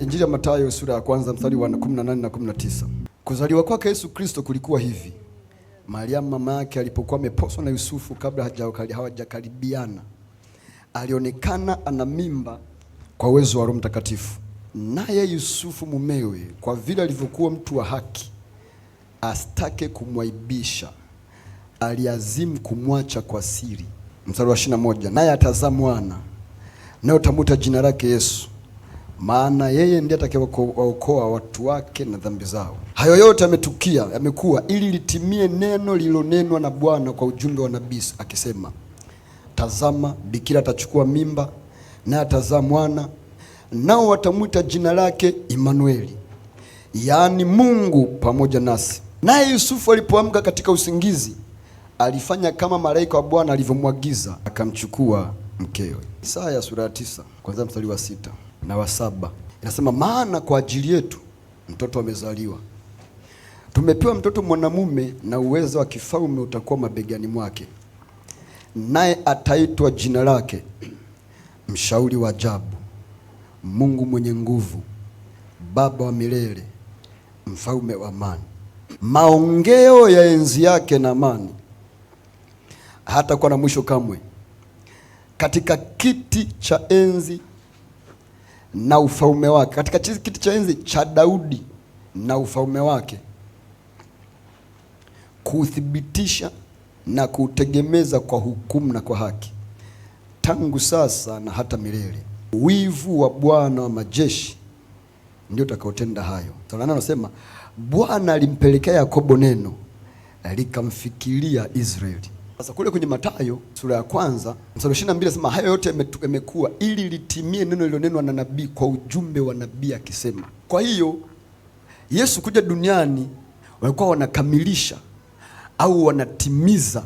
Injili ya Mathayo sura ya kwanza mstari wa 18 na 19. Kuzaliwa kwake Yesu Kristo kulikuwa hivi. Mariamu mama yake alipokuwa ameposwa na Yusufu kabla hawajakaribiana, alionekana ana mimba kwa uwezo wa Roho Mtakatifu. Naye Yusufu mumewe, kwa vile alivyokuwa mtu wa haki, astake kumwaibisha, aliazimu kumwacha kwa siri. Mstari wa 21, naye atazaa mwana, naye utamuita jina lake Yesu maana yeye ndiye atakayewaokoa watu wake na dhambi zao. Hayo yote yametukia, yamekuwa ili litimie neno lililonenwa na Bwana kwa ujumbe wa nabii akisema, tazama, bikira atachukua mimba, naye atazaa mwana, nao watamwita jina lake Imanueli, yaani Mungu pamoja nasi. Naye Yusufu alipoamka katika usingizi, alifanya kama malaika wa Bwana alivyomwagiza, akamchukua mkewe. Isaya sura ya tisa kwanza mstari wa sita na wa saba. Inasema, maana kwa ajili yetu mtoto amezaliwa, tumepewa mtoto mwanamume, na uwezo wa kifalme utakuwa mabegani mwake, naye ataitwa jina lake Mshauri wa Ajabu, Mungu mwenye nguvu, Baba wa milele, Mfalme wa amani. Maongeo ya enzi yake na amani hata kuwa na mwisho kamwe, katika kiti cha enzi na ufaume wake, katika kiti cha enzi cha Daudi na ufaume wake, kuuthibitisha na kuutegemeza kwa hukumu na kwa haki, tangu sasa na hata milele. Wivu wa Bwana wa majeshi ndio utakaotenda hayo. Sala anasema Bwana alimpelekea Yakobo neno likamfikiria Israeli. Sasa kule kwenye Mathayo sura ya kwanza mstari 22 nasema hayo yote yamekuwa ili litimie neno lilonenwa na nabii kwa ujumbe wa nabii akisema. Kwa hiyo Yesu kuja duniani walikuwa wanakamilisha au wanatimiza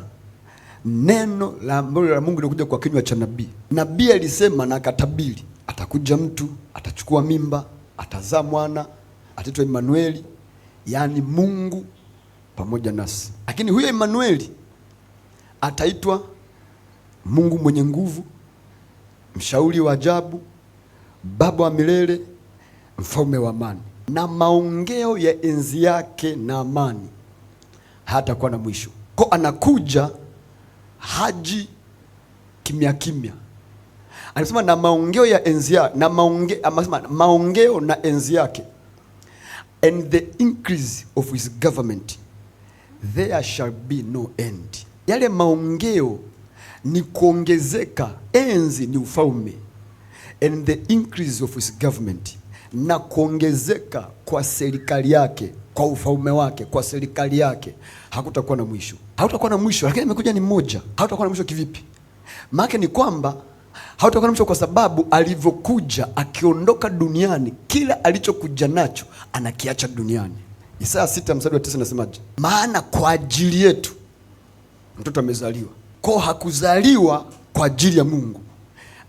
neno la ambalo la Mungu lilikuja kwa kinywa cha nabii. Nabii alisema na akatabiri, atakuja mtu, atachukua mimba, atazaa mwana, ataitwa Emanueli, yaani Mungu pamoja nasi. Lakini huyo Emanueli ataitwa Mungu mwenye nguvu, mshauri wa ajabu, baba wa milele, mfalme wa amani, na maongeo ya enzi yake na amani hatakuwa na mwisho. Kwa anakuja haji kimya kimya, anasema na maongeo ya enzi yake na maonge, anasema maongeo na enzi yake and the increase of his government there shall be no end. Yale maongeo ni kuongezeka, enzi ni ufalme and the increase of his government, na kuongezeka kwa serikali yake, kwa ufalme wake, kwa serikali yake, hakutakuwa na mwisho. Hautakuwa na mwisho, lakini imekuja ni mmoja. Hautakuwa na mwisho kivipi? Maana ni kwamba hautakuwa na mwisho kwa sababu alivyokuja akiondoka duniani, kila alichokuja nacho anakiacha duniani. Isaya 6 mstari wa 9 nasemaje? Maana kwa ajili yetu mtoto amezaliwa ko, hakuzaliwa kwa ajili ya Mungu,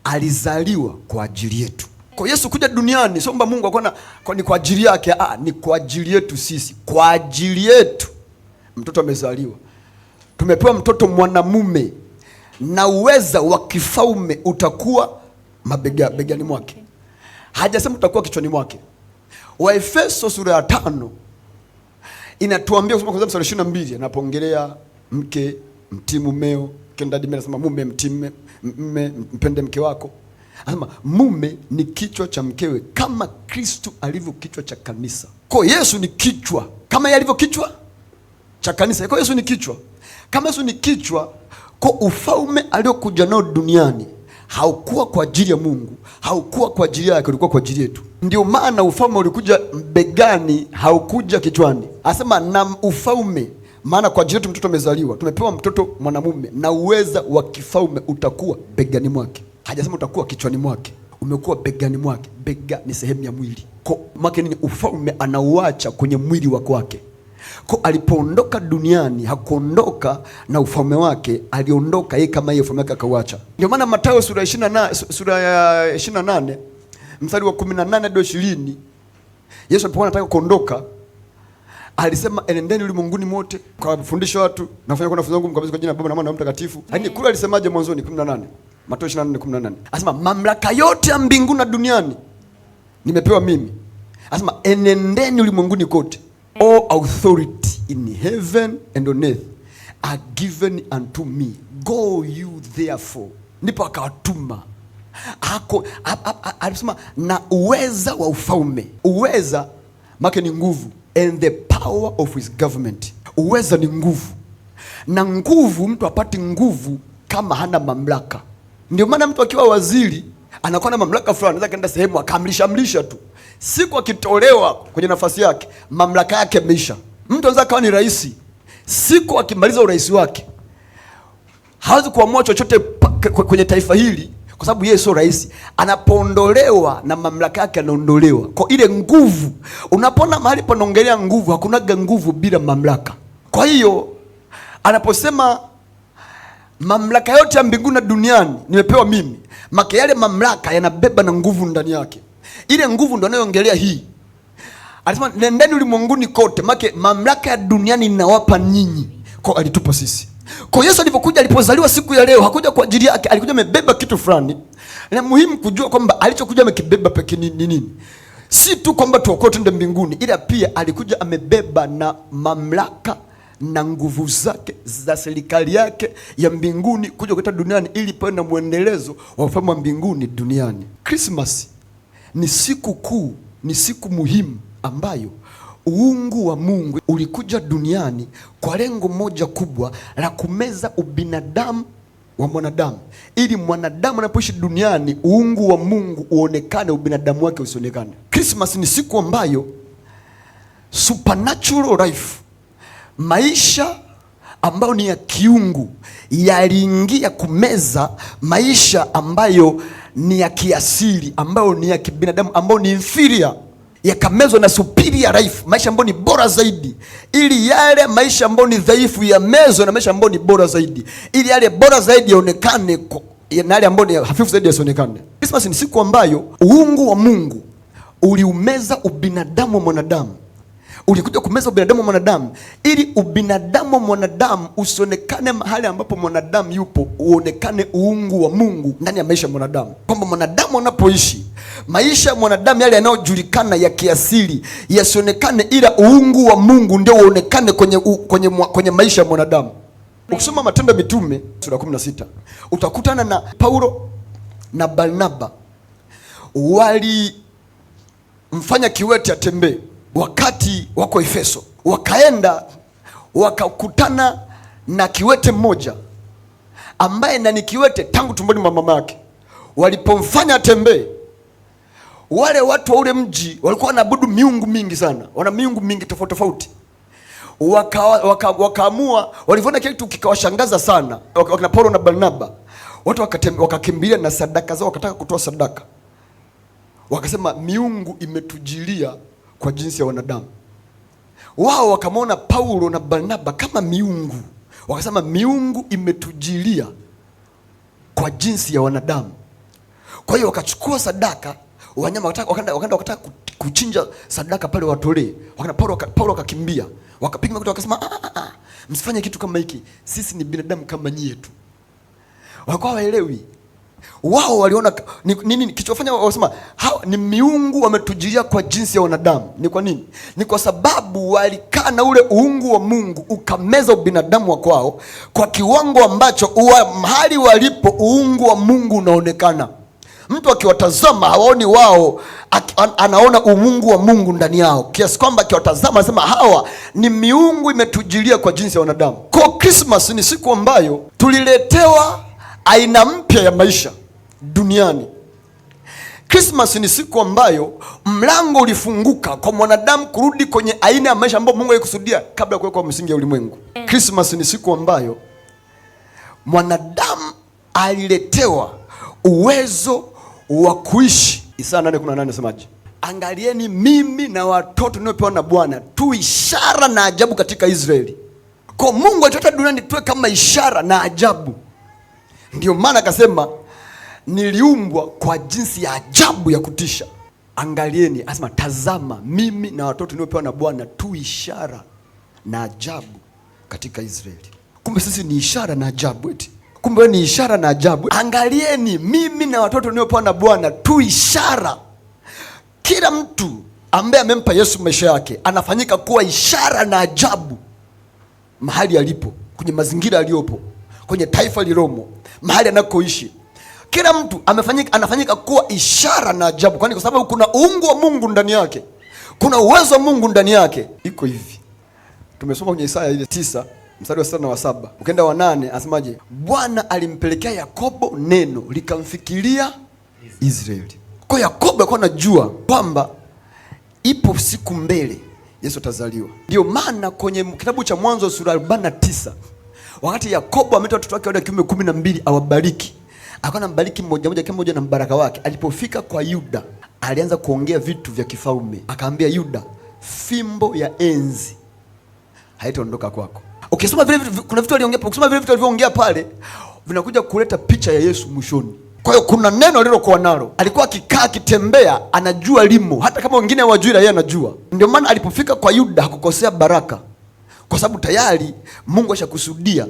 alizaliwa kwa ajili yetu. Kwa Yesu kuja duniani sio kwamba Mungu akona kwa ni kwa ajili yake, ah, ni kwa ajili yetu sisi, kwa ajili yetu mtoto amezaliwa. Tumepewa mtoto mwanamume na uweza wa kifaume utakuwa mabega begani mwake, hajasema utakuwa kichwani mwake. Waefeso sura ya tano inatuambia kusoma kuanzia mstari 22 anapoongelea mke mtii mumeo. Kendadi anasema mume mtii mme, mpende mke wako. Anasema mume ni kichwa cha mkewe kama Kristo alivyo kichwa cha kanisa. Kwa Yesu ni kichwa kama yeye alivyo kichwa cha kanisa. Kwa Yesu ni kichwa kama Yesu ni kichwa. Kwa ufalme aliokuja nao duniani haukuwa kwa ajili ya Mungu, haukuwa kwa ajili yake, ulikuwa kwa ajili yetu. Ndio maana ufalme ulikuja mbegani, haukuja kichwani. Anasema na ufalme maana kwa ajili yetu mtoto amezaliwa, tumepewa mtoto mwanamume, na uweza wa kifalme utakuwa begani mwake. Hajasema utakuwa kichwani mwake, umekuwa begani mwake. Bega ni sehemu ya mwili kwa make nini, ufalme anauacha kwenye mwili wa kwake. Kwa alipoondoka duniani hakuondoka na ufalme wake, aliondoka yeye kama yeye ufalme wake akauacha. Ndio maana Mathayo sura ya 28 sura ya 28 mstari wa 18 hadi 20 Yesu alipokuwa anataka kuondoka alisema enendeni ulimwenguni mote kawafundisha watu nafanya kufanya wanafunzi wangu mkabidhi kwa jina la Baba na Mwana na Mtakatifu. Lakini kule alisemaje mwanzoni 18? Mathayo 24:18. Anasema mamlaka yote ya mbinguni na duniani nimepewa mimi. Anasema enendeni ulimwenguni kote. All authority in heaven and on earth are given unto me. Go you therefore. Ndipo akawatuma hako alisema na uweza wa ufalme. Uweza make ni nguvu and the power of his government. Uweza ni nguvu, na nguvu, mtu apati nguvu kama hana mamlaka. Ndio maana mtu akiwa waziri anakuwa na mamlaka fulani, anaweza kaenda sehemu akamlisha mlisha tu, siku akitolewa kwenye nafasi yake mamlaka yake imeisha. Mtu anaweza akawa ni rais, siku akimaliza urais wake hawezi kuamua chochote kwenye taifa hili kwa sababu yeye sio rais. Anapoondolewa na mamlaka yake anaondolewa kwa ile nguvu. Unapona mahali panaongelea nguvu, hakunaga nguvu bila mamlaka. Kwa hiyo anaposema mamlaka yote ya mbinguni na duniani nimepewa mimi, maka yale mamlaka yanabeba na nguvu ndani yake. Ile nguvu ndo anayoongelea hii, anasema nendeni ulimwenguni kote, make mamlaka ya duniani ninawapa nyinyi, kwa alitupa sisi kwa Yesu alipokuja, alipozaliwa siku ya leo, hakuja kwa ajili yake, alikuja amebeba kitu fulani, na muhimu kujua kwamba alichokuja amekibeba peke ni nini. Si tu kwamba tuokoe tuende mbinguni, ila pia alikuja amebeba na mamlaka na nguvu zake za serikali yake ya mbinguni kuja kuleta duniani, ili pawe na mwendelezo wa ufalme wa mbinguni duniani. Krismasi ni siku kuu, ni siku muhimu ambayo Uungu wa Mungu ulikuja duniani kwa lengo moja kubwa la kumeza ubinadamu wa mwanadamu, ili mwanadamu anapoishi duniani uungu wa Mungu uonekane, ubinadamu wake usionekane. Christmas ni siku ambayo supernatural life, maisha ambayo ni ya kiungu yaliingia kumeza maisha ambayo ni ya kiasili, ambayo ni ya kibinadamu, ambayo ni inferior yakamezwa na superior life, maisha ambayo ni bora zaidi, ili yale maisha ambayo ni dhaifu yamezwe na maisha ambayo ni bora zaidi, ili yale bora zaidi yaonekane na yale ambayo ni hafifu zaidi yasionekane. Christmas ni siku ambayo uungu wa Mungu uliumeza ubinadamu wa mwanadamu Ulikuja kumeza ubinadamu wa mwanadamu ili ubinadamu wa mwanadamu usionekane mahali ambapo mwanadamu yupo, uonekane uungu wa Mungu ndani ya maisha ya mwanadamu, kwamba mwanadamu anapoishi maisha ya mwanadamu yale yanayojulikana ya kiasili yasionekane, ila uungu wa Mungu ndio uonekane kwenye, kwenye, kwenye maisha ya mwanadamu. Ukisoma Matendo ya Mitume sura sita utakutana na Paulo na Barnaba walimfanya kiwete atembee wakati wako Efeso, wakaenda wakakutana na kiwete mmoja ambaye ni kiwete tangu tumboni mwa mama yake, walipomfanya tembee, wale watu wa ule mji walikuwa wanaabudu miungu mingi sana, wana miungu mingi tofauti tofauti. Wakaamua waka, waka walivyoona kile kitu kikawashangaza sana, wakina Paulo na Barnaba, watu wakakimbilia waka na sadaka zao, wakataka kutoa sadaka, wakasema miungu imetujilia kwa jinsi ya wanadamu. Wao wakamwona Paulo na Barnaba kama miungu, wakasema miungu imetujilia kwa jinsi ya wanadamu. Kwa hiyo wakachukua sadaka wanyama, wakaenda wakataka kuchinja sadaka pale watolee, Wakana Paulo, Paulo akakimbia, wakapiga makuta, wakasema ah, ah, ah, msifanye kitu kama hiki, sisi ni binadamu kama nyie tu. Walikuwa wao waliona ni, nini kichofanya wasema hao ni miungu wametujilia kwa jinsi ya wanadamu. Ni kwa nini? Ni kwa sababu walikaa na ule uungu wa Mungu ukameza ubinadamu wa kwao kwa kiwango ambacho uwa mahali walipo uungu wa Mungu unaonekana. Mtu akiwatazama hawaoni wao, anaona uungu wa Mungu ndani yao, kiasi kwamba akiwatazama anasema hawa ni miungu imetujilia kwa jinsi ya wanadamu. Kwa Christmas ni siku ambayo tuliletewa aina mpya ya maisha duniani. Krismas ni siku ambayo mlango ulifunguka kwa mwanadamu kurudi kwenye aina ya maisha ambayo Mungu alikusudia kabla ya kuwekwa misingi ya ulimwengu. Krismas ni siku ambayo mwanadamu aliletewa uwezo wa kuishi. Isaya 8:18 nasemaje? Angalieni mimi na watoto niliopewa na Bwana tu ishara na ajabu katika Israeli. Kwa Mungu alichota duniani tuwe kama ishara na ajabu. Ndiyo maana akasema niliumbwa kwa jinsi ya ajabu ya kutisha. Angalieni, asema tazama, mimi na watoto niliopewa na Bwana tu ishara na ajabu katika Israeli. Kumbe sisi ni ishara na ajabu eti. Kumbe ni ishara na ajabu. Angalieni, mimi na watoto niliopewa na Bwana tu ishara. Kila mtu ambaye amempa Yesu maisha yake anafanyika kuwa ishara na ajabu mahali alipo, kwenye mazingira aliyopo kwenye taifa lilomo, mahali anakoishi, kila mtu amefanyika, anafanyika kuwa ishara na ajabu. Kwani kwa sababu kuna uungu wa Mungu ndani yake, kuna uwezo wa Mungu ndani yake. Iko hivi, tumesoma kwenye Isaya ile tisa mstari wa sita na wa saba ukenda wa nane anasemaje? Bwana alimpelekea Yakobo neno likamfikiria Israeli. Kwa Yakobo alikuwa anajua kwamba ipo siku mbele Yesu atazaliwa. Ndio maana kwenye kitabu cha Mwanzo sura 49 Wakati Yakobo ametoa watoto wake wa kiume kumi na mbili awabariki, akawa nambariki mmoja moja kila mmoja na mbaraka wake. Alipofika kwa Yuda, alianza kuongea vitu vya kifalme, akaambia Yuda, fimbo ya enzi haitaondoka kwako. Ukisoma vile vitu, kuna vitu aliongea, ukisoma vile vitu alivyoongea pale, vinakuja kuleta picha ya Yesu mwishoni. Kwa hiyo kuna neno alilokuwa nalo, alikuwa akikaa akitembea, anajua limo, hata kama wengine hawajui, na yeye anajua. Ndio maana alipofika kwa Yuda hakukosea baraka kwa sababu tayari Mungu ashakusudia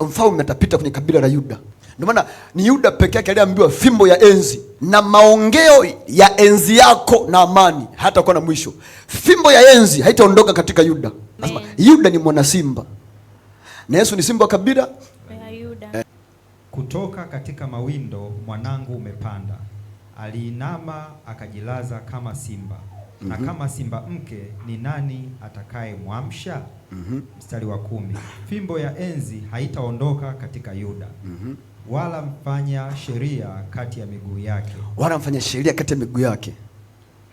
mfalme atapita kwenye kabila la Yuda. Ndio maana ni Yuda peke yake aliambiwa fimbo ya enzi na maongeo ya enzi yako na amani hata kuwa na mwisho. Fimbo ya enzi haitaondoka katika Yuda. Nasema Yuda ni mwana simba na Yesu ni simba wa kabila ya Yuda. Eh. Kutoka katika mawindo mwanangu umepanda, aliinama akajilaza kama simba mm -hmm. na mhm. kama simba mke ni nani atakayemwamsha? mm -hmm. Mstari wa kumi, fimbo ya enzi haitaondoka katika Yuda mm -hmm. wala mfanya sheria kati ya miguu yake, wala mfanya sheria kati ya miguu yake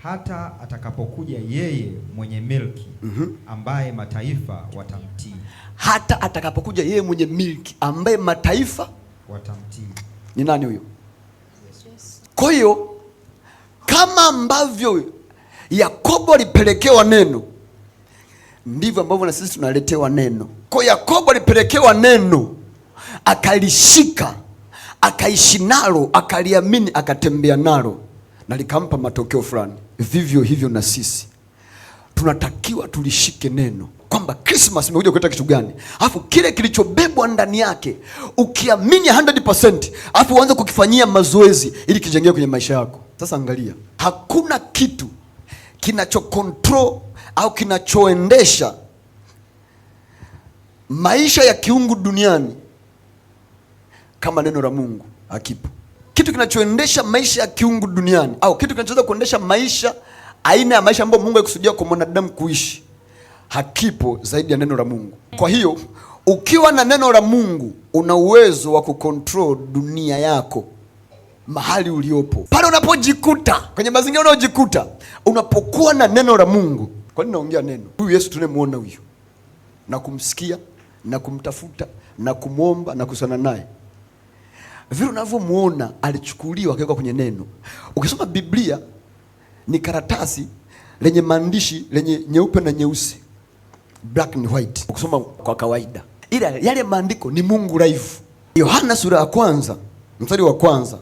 hata atakapokuja yeye mwenye milki mhm. ambaye mataifa watamtii. Hata atakapokuja yeye mwenye milki ambaye mataifa watamtii. Ni nani huyo? Kwa hiyo kama ambavyo Yakobo alipelekewa neno, ndivyo ambavyo na sisi tunaletewa neno. Kwa Yakobo alipelekewa neno, akalishika, akaishi nalo, akaliamini, akatembea nalo na likampa matokeo fulani. Vivyo hivyo na sisi tunatakiwa tulishike neno kwamba Christmas imekuja kuleta kitu gani, alafu kile kilichobebwa ndani yake ukiamini 100%, alafu uanze kukifanyia mazoezi ili kijengee kwenye maisha yako. Sasa angalia, hakuna kitu kinachocontrol au kinachoendesha maisha ya kiungu duniani kama neno la Mungu akipo Kitu kinachoendesha maisha ya kiungu duniani au kitu kinachoweza kuendesha maisha, aina ya maisha ambayo Mungu alikusudia kwa mwanadamu kuishi hakipo zaidi ya neno la Mungu. Kwa hiyo ukiwa na neno la Mungu una uwezo wa kucontrol dunia yako mahali uliopo, pale unapojikuta kwenye mazingira unaojikuta, unapokuwa na neno la Mungu. Kwa nini naongea neno? Huyu Yesu tunayemuona huyu na kumsikia na kumtafuta na kumwomba na kusana naye, vile unavyomwona alichukuliwa akiwekwa kwenye neno. Ukisoma Biblia ni karatasi lenye maandishi lenye nyeupe na nyeusi, black and white, ukisoma kwa kawaida, ila yale maandiko ni Mungu live. Yohana sura ya kwanza mstari wa kwanza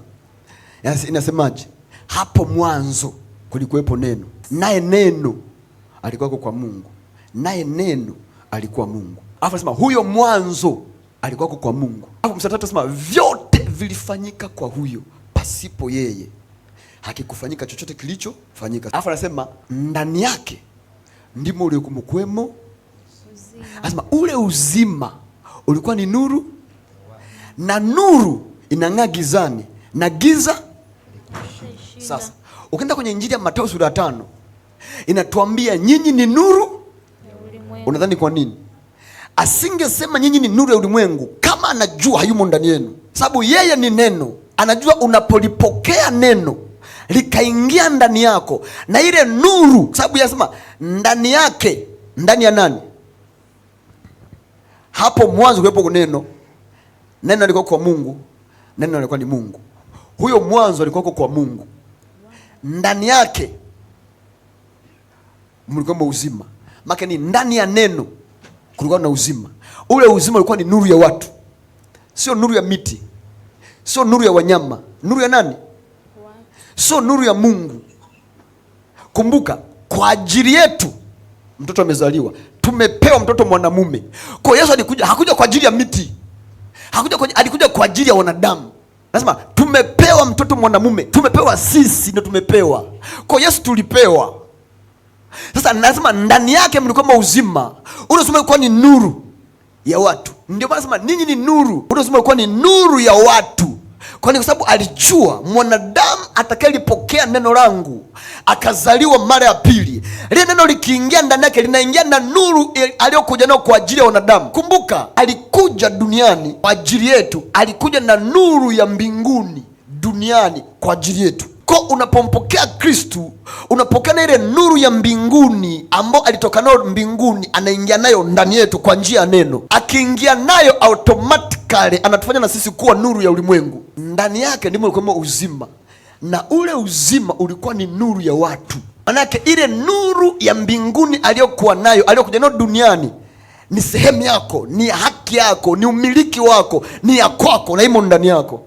inasemaje? Hapo mwanzo kulikuwepo neno, naye neno alikuwa kwa Mungu, naye neno alikuwa Mungu. Alafu anasema huyo mwanzo alikuwa kwa Mungu. Alafu mstari tatu anasema vyote vilifanyika kwa huyo, pasipo yeye hakikufanyika chochote kilichofanyika. Alafu anasema ndani yake ndimo uliokumkwemo, anasema ule uzima ulikuwa ni nuru, na nuru inang'aa gizani, na giza sasa ukienda kwenye Injili ya Mateo sura ya tano inatuambia nyinyi ni nuru. Unadhani kwa nini asingesema nyinyi ni nuru ya ulimwengu kama anajua hayumo ndani yenu? Sababu yeye ni neno, anajua unapolipokea neno likaingia ndani yako na ile nuru, sababu yasema ndani yake, ndani ya nani? Hapo mwanzo kuwepo neno, neno alikuwa kwa Mungu, neno alikuwa ni Mungu huyo mwanzo alikuwako kwa Mungu, ndani yake mlikuwa uzima. Maana ni ndani ya neno kulikuwa na uzima. Ule uzima ulikuwa ni nuru ya watu, sio nuru ya miti, sio nuru ya wanyama. Nuru ya nani? Sio nuru ya Mungu. Kumbuka, kwa ajili yetu mtoto amezaliwa, tumepewa mtoto mwanamume. Kwa Yesu alikuja, hakuja kwa ajili ya miti, hakuja, alikuja kwa ajili ya wanadamu. Nasema tumepewa mtoto mwanamume, tumepewa sisi, ndio tumepewa kwa Yesu, tulipewa. Sasa nasema ndani yake mlikuwa uzima, ule ulikuwa ni nuru ya watu. Ndio maana nasema ninyi ni nuru, ule ulikuwa ni nuru ya watu nini? kwa sababu alijua mwanadamu atakayelipokea neno langu akazaliwa mara ya pili, lile neno likiingia ndani yake linaingia na nuru aliyokuja nayo kwa ajili ya wanadamu. Kumbuka, alikuja duniani kwa ajili yetu, alikuja na nuru ya mbinguni duniani kwa ajili yetu kwa unapompokea kristu unapokea na ile nuru ya mbinguni ambayo alitoka nayo mbinguni anaingia nayo ndani yetu kwa njia ya neno akiingia nayo automatikali anatufanya na sisi kuwa nuru ya ulimwengu ndani yake ndimo ulikuwemo uzima na ule uzima ulikuwa ni nuru ya watu manake ile nuru ya mbinguni aliyokuwa nayo aliyokuja nayo duniani ni sehemu yako, ni haki yako, ni umiliki wako, ni ya kwako na imo ndani yako.